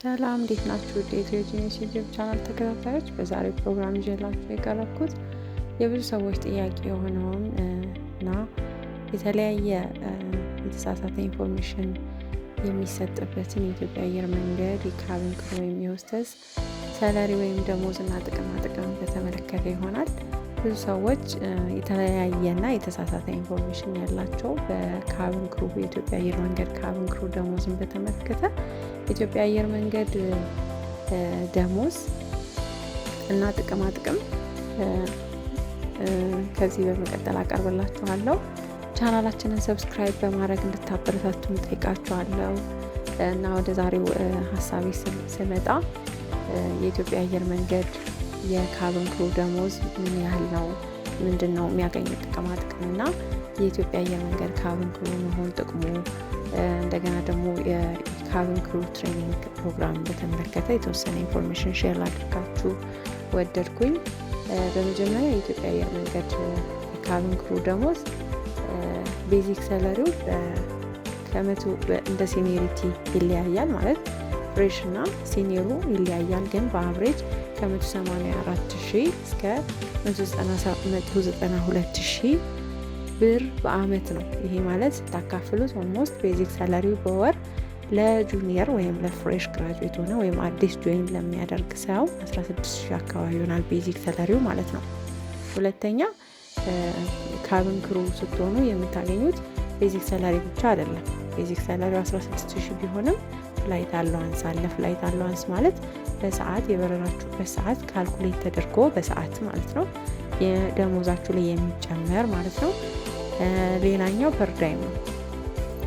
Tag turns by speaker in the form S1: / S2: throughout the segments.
S1: ሰላም እንዴት ናችሁ? ውድ የኢትዮ ጂኒስ ዩቲዩብ ቻናል ተከታታዮች፣ በዛሬው ፕሮግራም ይዤላችሁ የቀረብኩት የብዙ ሰዎች ጥያቄ የሆነውን እና የተለያየ የተሳሳተ ኢንፎርሜሽን የሚሰጥበትን የኢትዮጵያ አየር መንገድ የካቢን ክሩ ወይም የሆስተስ ሰለሪ ወይም ደሞዝ እና ጥቅማ ጥቅም በተመለከተ ይሆናል። ብዙ ሰዎች የተለያየና የተሳሳተ ኢንፎርሜሽን ያላቸው በካብን ክሩ የኢትዮጵያ አየር መንገድ ካብን ክሩ ደሞዝን በተመለከተ የኢትዮጵያ አየር መንገድ ደሞዝ እና ጥቅማ ጥቅም ከዚህ በመቀጠል አቀርብላችኋለሁ። ቻናላችንን ሰብስክራይብ በማድረግ እንድታበረታቱን ጠይቃችኋለሁ እና ወደ ዛሬው ሀሳቤ ስመጣ የኢትዮጵያ አየር መንገድ የካብን ክሩ ደሞዝ ምን ያህል ነው? ምንድን ነው የሚያገኙት ጥቅማ ጥቅም እና የኢትዮጵያ አየር መንገድ ካብን ክሩ መሆን ጥቅሙ፣ እንደገና ደግሞ የካብን ክሩ ትሬኒንግ ፕሮግራም በተመለከተ የተወሰነ ኢንፎርሜሽን ሼር ላድርጋችሁ ወደድኩኝ። በመጀመሪያ የኢትዮጵያ አየር መንገድ የካብን ክሩ ደሞዝ ቤዚክ ሰለሪው ከመቶ እንደ ሲኒሪቲ ይለያያል ማለት ፍሬሽ እና ሲኒሩ ይለያያል፣ ግን በአብሬጅ ከ184 ሺህ እስከ 192 ሺህ ብር በአመት ነው። ይሄ ማለት ስታካፍሉት ኦልሞስት ቤዚክ ሳላሪው በወር ለጁኒየር ወይም ለፍሬሽ ግራጁዌት ሆነ ወይም አዲስ ጆይን ለሚያደርግ ሰው 16 ሺህ አካባቢ ይሆናል ቤዚክ ሰላሪው ማለት ነው። ሁለተኛ ካብን ክሩ ስትሆኑ የምታገኙት ቤዚክ ሰላሪ ብቻ አይደለም። ቤዚክ ሰላሪው 16 ሺህ ቢሆንም ፍላይት አለዋንስ አለ። ፍላይት አለዋንስ ማለት በሰዓት የበረራችሁበት ሰዓት ካልኩሌት ተደርጎ በሰዓት ማለት ነው የደሞዛችሁ ላይ የሚጨመር ማለት ነው። ሌላኛው ፐርዳይም ነው።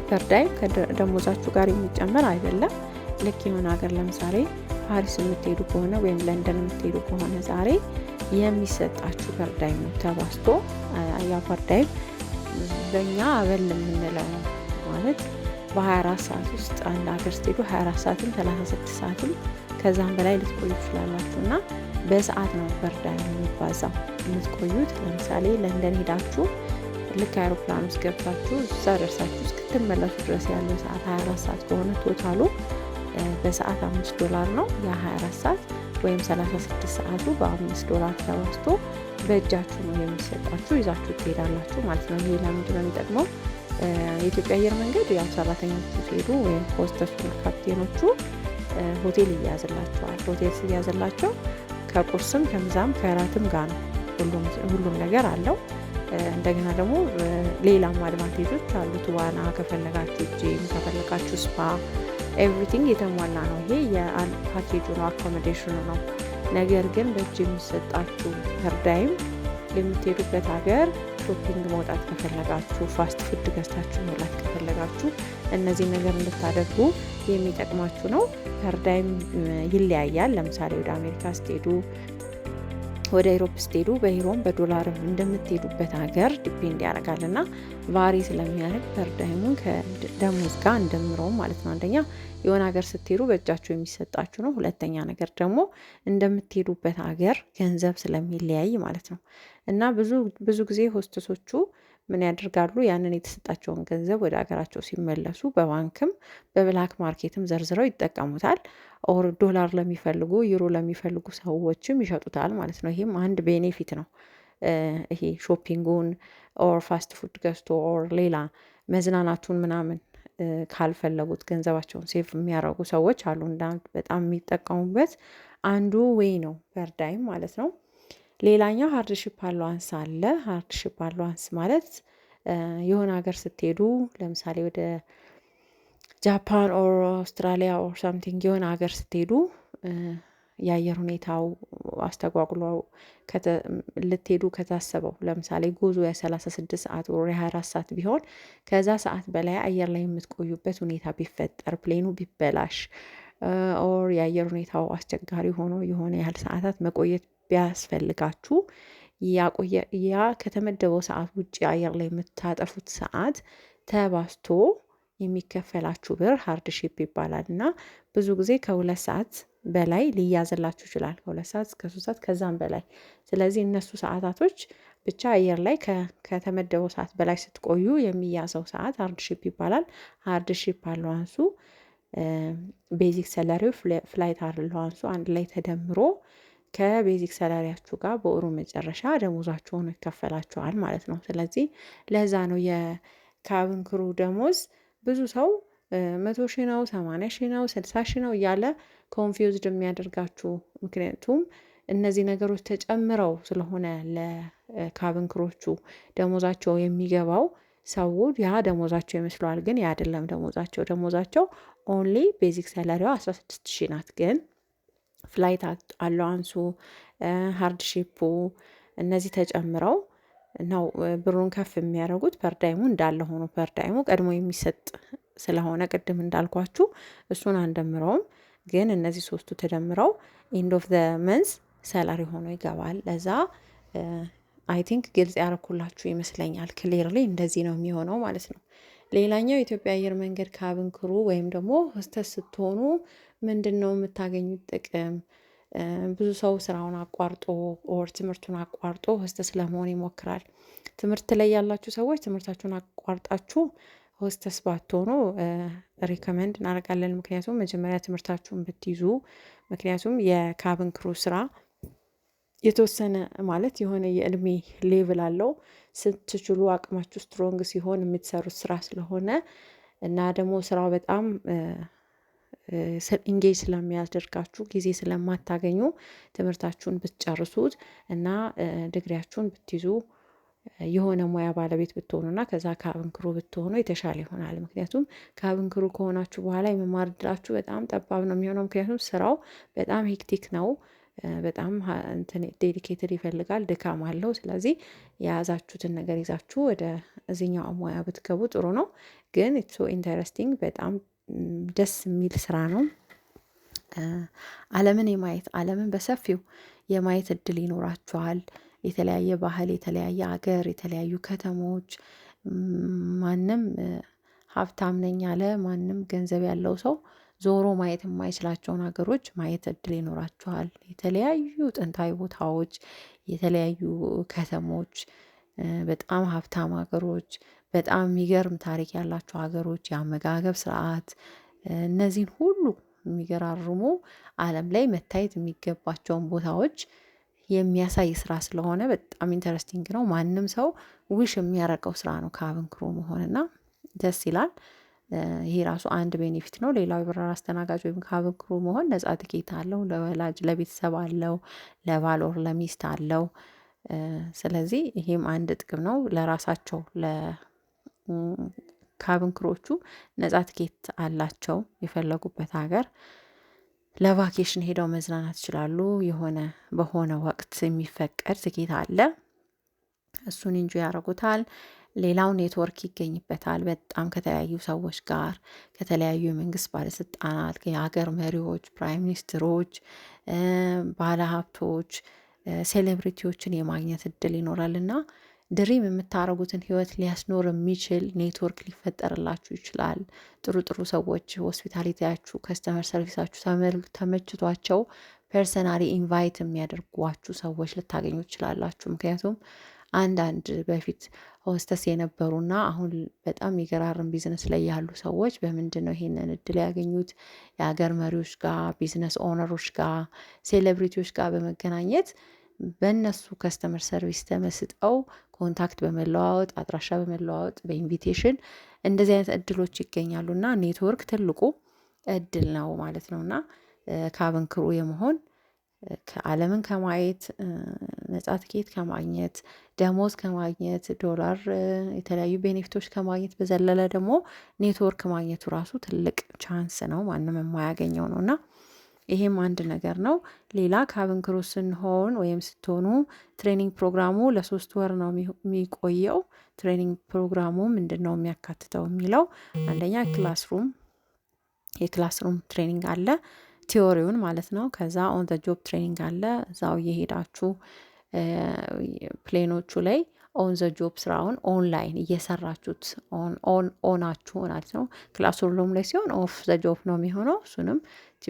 S1: ፐርዳይም ከደሞዛችሁ ጋር የሚጨመር አይደለም። ልክ የሆነ ሀገር ለምሳሌ ፓሪስ የምትሄዱ ከሆነ ወይም ለንደን የምትሄዱ ከሆነ ዛሬ የሚሰጣችሁ ፐርዳይም ነው ተባስቶ። ያ ፐርዳይም በእኛ አበል የምንለው ነው ማለት በ24 ሰዓት ውስጥ አንድ ሀገር ስትሄዱ 24 ሰዓትም 36 ሰዓትም ከዛም በላይ ልትቆዩ ትችላላችሁ እና በሰዓት ነው በርዳ የሚባዛው የምትቆዩት። ለምሳሌ ለንደን ሄዳችሁ ልክ አይሮፕላን ውስጥ ገብታችሁ እዛ ደርሳችሁ እስክትመለሱ ድረስ ያለው ሰዓት 24 ሰዓት ከሆነ ቶታሉ በሰዓት አምስት ዶላር ነው። የ24 ሰዓት ወይም 36 ሰዓቱ በአምስት ዶላር ተባዝቶ በእጃችሁ ነው የሚሰጣችሁ፣ ይዛችሁ ትሄዳላችሁ ማለት ነው። ይሄ ለምንድን ነው የሚጠቅመው? የኢትዮጵያ አየር መንገድ ያው ሰራተኞቹ ሲሄዱ ወይም ሆስተሱ ካፕቴኖቹ ሆቴል ይያዝላቸዋል። ሆቴል ሲያዝላቸው ከቁርስም ከምዛም ከራትም ጋር ነው ሁሉም ነገር አለው። እንደገና ደግሞ ሌላም አድቫንቴጆች አሉት። ዋና ከፈለጋችሁ፣ ጂም ከፈለጋችሁ፣ ስፓ ኤቭሪቲንግ የተሟላ ነው። ይሄ የፓኬጁ ነው፣ አኮሞዴሽኑ ነው። ነገር ግን በእጅ የሚሰጣችሁ እርዳይም የምትሄዱበት ሀገር ሾፒንግ መውጣት ከፈለጋችሁ፣ ፋስት ፉድ ገዝታችሁ መብላት ከፈለጋችሁ እነዚህ ነገር እንድታደርጉ የሚጠቅማችሁ ነው። ፐርዳይም ይለያያል። ለምሳሌ ወደ አሜሪካ ስትሄዱ ወደ ኢሮፕ ስትሄዱ በሂሮም በዶላርም እንደምትሄዱበት ሀገር ዲፔንድ ያደርጋል እና ቫሪ ስለሚያደርግ ፐርዳይሙን ከደሞዝ ጋር እንደምረውም ማለት ነው። አንደኛ የሆነ ሀገር ስትሄዱ በእጃቸው የሚሰጣችሁ ነው። ሁለተኛ ነገር ደግሞ እንደምትሄዱበት ሀገር ገንዘብ ስለሚለያይ ማለት ነው እና ብዙ ብዙ ጊዜ ሆስተሶቹ ምን ያደርጋሉ? ያንን የተሰጣቸውን ገንዘብ ወደ ሀገራቸው ሲመለሱ በባንክም በብላክ ማርኬትም ዘርዝረው ይጠቀሙታል። ኦር ዶላር ለሚፈልጉ ዩሮ ለሚፈልጉ ሰዎችም ይሸጡታል ማለት ነው። ይሄም አንድ ቤኔፊት ነው። ይሄ ሾፒንጉን ኦር ፋስት ፉድ ገዝቶ ኦር ሌላ መዝናናቱን ምናምን ካልፈለጉት ገንዘባቸውን ሴፍ የሚያደርጉ ሰዎች አሉ። እንደ በጣም የሚጠቀሙበት አንዱ ወይ ነው። በርዳይም ማለት ነው ሌላኛው ሀርድሽፕ ሺፕ አላዋንስ አለ። ሃርድ አላዋንስ ማለት የሆነ ሀገር ስትሄዱ ለምሳሌ ወደ ጃፓን ኦር አውስትራሊያ ኦር ሳምቲንግ የሆነ ሀገር ስትሄዱ የአየር ሁኔታው አስተጓጉሎ ልትሄዱ ከታሰበው ለምሳሌ ጉዞ የ36 ሰዓት ወር የ24 ሰዓት ቢሆን ከዛ ሰዓት በላይ አየር ላይ የምትቆዩበት ሁኔታ ቢፈጠር፣ ፕሌኑ ቢበላሽ ኦር የአየር ሁኔታው አስቸጋሪ ሆኖ የሆነ ያህል ሰዓታት መቆየት ቢያስፈልጋችሁ ያ ከተመደበው ሰዓት ውጭ አየር ላይ የምታጠፉት ሰዓት ተባስቶ የሚከፈላችሁ ብር ሀርድ ይባላል እና ብዙ ጊዜ ከሁለት ሰዓት በላይ ሊያዘላችሁ ይችላል። ከሁለት ሰዓት እስከ ሶስት ሰዓት ከዛም በላይ ስለዚህ እነሱ ሰዓታቶች ብቻ አየር ላይ ከተመደበው ሰዓት በላይ ስትቆዩ የሚያዘው ሰዓት ሃርድ ይባላል። ሃርድ አለዋንሱ ቤዚክ ሰለሪው ፍላይት አለዋንሱ አንድ ላይ ተደምሮ ከቤዚክ ሰላሪያችሁ ጋር በወሩ መጨረሻ ደሞዛችሁን ይከፈላችኋል ማለት ነው። ስለዚህ ለዛ ነው የካብን ክሩ ደሞዝ ብዙ ሰው መቶ ሺ ነው፣ ሰማንያ ሺ ነው፣ ስልሳ ሺ ነው እያለ ኮንፊውዝድ የሚያደርጋችሁ ምክንያቱም እነዚህ ነገሮች ተጨምረው ስለሆነ ለካብን ክሮቹ ደሞዛቸው የሚገባው ሰው ያ ደሞዛቸው ይመስለዋል፣ ግን ያ አይደለም። ደሞዛቸው ደሞዛቸው ኦንሊ ቤዚክ ሰላሪዋ 16 ሺ ናት ግን ፍላይት አላዋንሱ፣ ሀርድ ሺፑ እነዚህ ተጨምረው ነው ብሩን ከፍ የሚያደርጉት። ፐርዳይሙ እንዳለ ሆኖ ፐርዳይሙ ቀድሞ የሚሰጥ ስለሆነ ቅድም እንዳልኳችሁ እሱን አንደምረውም፣ ግን እነዚህ ሶስቱ ተደምረው ኢንድ ኦፍ ዘ ሰላሪ ሆኖ ይገባል። ለዛ አይ ቲንክ ግልጽ ያደረኩላችሁ ይመስለኛል። ክሊርሊ እንደዚህ ነው የሚሆነው ማለት ነው። ሌላኛው የኢትዮጵያ አየር መንገድ ካብን ክሩ ወይም ደግሞ ሆስተስ ስትሆኑ ምንድን ነው የምታገኙት ጥቅም? ብዙ ሰው ስራውን አቋርጦ ኦር ትምህርቱን አቋርጦ ሆስተስ ለመሆን ይሞክራል። ትምህርት ላይ ያላችሁ ሰዎች ትምህርታችሁን አቋርጣችሁ ሆስተስ ባትሆኑ ሪኮመንድ እናደርጋለን። ምክንያቱም መጀመሪያ ትምህርታችሁን ብትይዙ፣ ምክንያቱም የካብን ክሩ ስራ የተወሰነ ማለት የሆነ የእድሜ ሌቭል አለው። ስትችሉ አቅማችሁ ስትሮንግ ሲሆን የምትሰሩት ስራ ስለሆነ እና ደግሞ ስራው በጣም ኢንጌጅ ስለሚያደርጋችሁ ጊዜ ስለማታገኙ ትምህርታችሁን ብትጨርሱት እና ድግሪያችሁን ብትይዙ የሆነ ሙያ ባለቤት ብትሆኑና ከዛ ከአብንክሩ ብትሆኑ የተሻለ ይሆናል። ምክንያቱም ከአብንክሩ ከሆናችሁ በኋላ የመማር እድላችሁ በጣም ጠባብ ነው የሚሆነው። ምክንያቱም ስራው በጣም ሄክቲክ ነው፣ በጣም ዴዲኬትድ ይፈልጋል፣ ድካም አለው። ስለዚህ የያዛችሁትን ነገር ይዛችሁ ወደ እዚኛው ሙያ ብትገቡ ጥሩ ነው። ግን ኢትስ ሶ ኢንተረስቲንግ በጣም ደስ የሚል ስራ ነው። ዓለምን የማየት ዓለምን በሰፊው የማየት እድል ይኖራችኋል። የተለያየ ባህል የተለያየ ሀገር የተለያዩ ከተሞች ማንም ሀብታም ነኝ ያለ ማንም ገንዘብ ያለው ሰው ዞሮ ማየት የማይችላቸውን ሀገሮች ማየት እድል ይኖራችኋል። የተለያዩ ጥንታዊ ቦታዎች የተለያዩ ከተሞች በጣም ሀብታም ሀገሮች በጣም የሚገርም ታሪክ ያላቸው ሀገሮች የአመጋገብ ስርዓት እነዚህን ሁሉ የሚገራርሙ አለም ላይ መታየት የሚገባቸውን ቦታዎች የሚያሳይ ስራ ስለሆነ በጣም ኢንተረስቲንግ ነው። ማንም ሰው ውሽ የሚያረቀው ስራ ነው ካብን ክሩ መሆን ደስ ይላል። ይሄ ራሱ አንድ ቤኔፊት ነው። ሌላው የበረራ አስተናጋጅ ወይም ካብን ክሩ መሆን ነጻ ትኬት አለው ለወላጅ ለቤተሰብ አለው ለባል ለሚስት አለው። ስለዚህ ይሄም አንድ ጥቅም ነው። ለራሳቸው ካብንክሮቹ ነጻ ትኬት አላቸው። የፈለጉበት ሀገር ለቫኬሽን ሄደው መዝናናት ይችላሉ። የሆነ በሆነ ወቅት የሚፈቀድ ትኬት አለ። እሱን እንጂ ያደርጉታል። ሌላው ኔትወርክ ይገኝበታል። በጣም ከተለያዩ ሰዎች ጋር ከተለያዩ የመንግስት ባለስልጣናት፣ የሀገር መሪዎች፣ ፕራይም ሚኒስትሮች፣ ባለሀብቶች፣ ሴሌብሪቲዎችን የማግኘት እድል ይኖራል እና ድሪም የምታደርጉትን ህይወት ሊያስኖር የሚችል ኔትወርክ ሊፈጠርላችሁ ይችላል። ጥሩ ጥሩ ሰዎች ሆስፒታሊቲያችሁ፣ ከስተመር ሰርቪሳችሁ ተመችቷቸው ፐርሰናሊ ኢንቫይት የሚያደርጓችሁ ሰዎች ልታገኙ ትችላላችሁ። ምክንያቱም አንዳንድ በፊት ሆስተስ የነበሩ እና አሁን በጣም የገራርን ቢዝነስ ላይ ያሉ ሰዎች በምንድን ነው ይሄንን እድል ያገኙት? የሀገር መሪዎች ጋር፣ ቢዝነስ ኦነሮች ጋር፣ ሴሌብሪቲዎች ጋር በመገናኘት በእነሱ ከስተመር ሰርቪስ ተመስጠው ኮንታክት በመለዋወጥ አድራሻ በመለዋወጥ በኢንቪቴሽን እንደዚህ አይነት እድሎች ይገኛሉ እና ኔትወርክ ትልቁ እድል ነው ማለት ነው እና ከአብን ክሩ የመሆን ከአለምን ከማየት ነጻ ትኬት ከማግኘት ደሞዝ ከማግኘት ዶላር የተለያዩ ቤኔፊቶች ከማግኘት በዘለለ ደግሞ ኔትወርክ ማግኘቱ ራሱ ትልቅ ቻንስ ነው ማንም የማያገኘው ነው እና ይሄም አንድ ነገር ነው። ሌላ ካብን ክሩ ስንሆን ወይም ስትሆኑ ትሬኒንግ ፕሮግራሙ ለሶስት ወር ነው የሚቆየው። ትሬኒንግ ፕሮግራሙ ምንድን ነው የሚያካትተው የሚለው አንደኛ ክላስሩም የክላስሩም ትሬኒንግ አለ፣ ቲዮሪውን ማለት ነው። ከዛ ኦን ዘ ጆብ ትሬኒንግ አለ፣ እዛው እየሄዳችሁ ፕሌኖቹ ላይ ኦን ዘ ጆብ ስራውን ኦንላይን እየሰራችሁት ኦን ኦናችሁ ማለት ነው። ክላስሩም ላይ ሲሆን ኦፍ ዘ ጆብ ነው የሚሆነው። እሱንም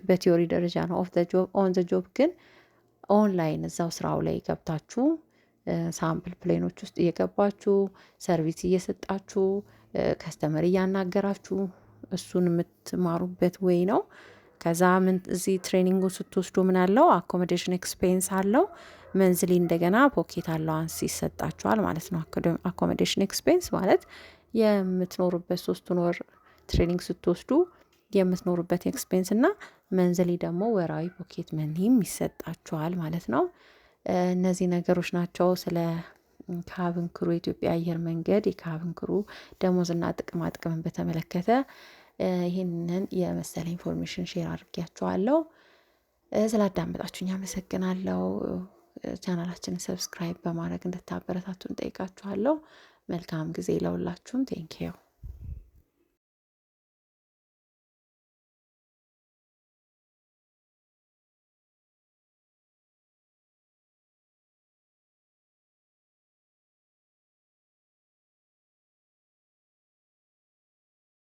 S1: በቲዮሪ ደረጃ ነው። ኦፍ ዘ ጆብ ኦን ዘ ጆብ ግን ኦንላይን እዛው ስራው ላይ ገብታችሁ ሳምፕል ፕሌኖች ውስጥ እየገባችሁ ሰርቪስ እየሰጣችሁ ከስተመር እያናገራችሁ እሱን የምትማሩበት ወይ ነው። ከዛ ምን እዚህ ትሬኒንጉ ስትወስዱ ምን አለው? አኮሞዴሽን ኤክስፔንስ አለው። መንዝሊ እንደገና ፖኬት አላዋንስ ይሰጣችኋል ማለት ነው። አኮሞዴሽን ኤክስፔንስ ማለት የምትኖሩበት ሶስቱን ወር ትሬኒንግ ስትወስዱ የምትኖሩበት ኤክስፔንስ እና መንዝሊ ደግሞ ወራዊ ፖኬት መኒም ይሰጣችኋል ማለት ነው። እነዚህ ነገሮች ናቸው ስለ ከሀብን ክሩ የኢትዮጵያ አየር መንገድ የከሀብን ክሩ ደሞዝና ጥቅማ ጥቅምን በተመለከተ ይህንን የመሰለ ኢንፎርሜሽን ሼር አድርጊያችኋለሁ። ስላዳመጣችሁኝ አመሰግናለሁ። ቻናላችንን ሰብስክራይብ በማድረግ እንድታበረታቱን ጠይቃችኋለሁ። መልካም ጊዜ ለሁላችሁም። ቴንኪዩ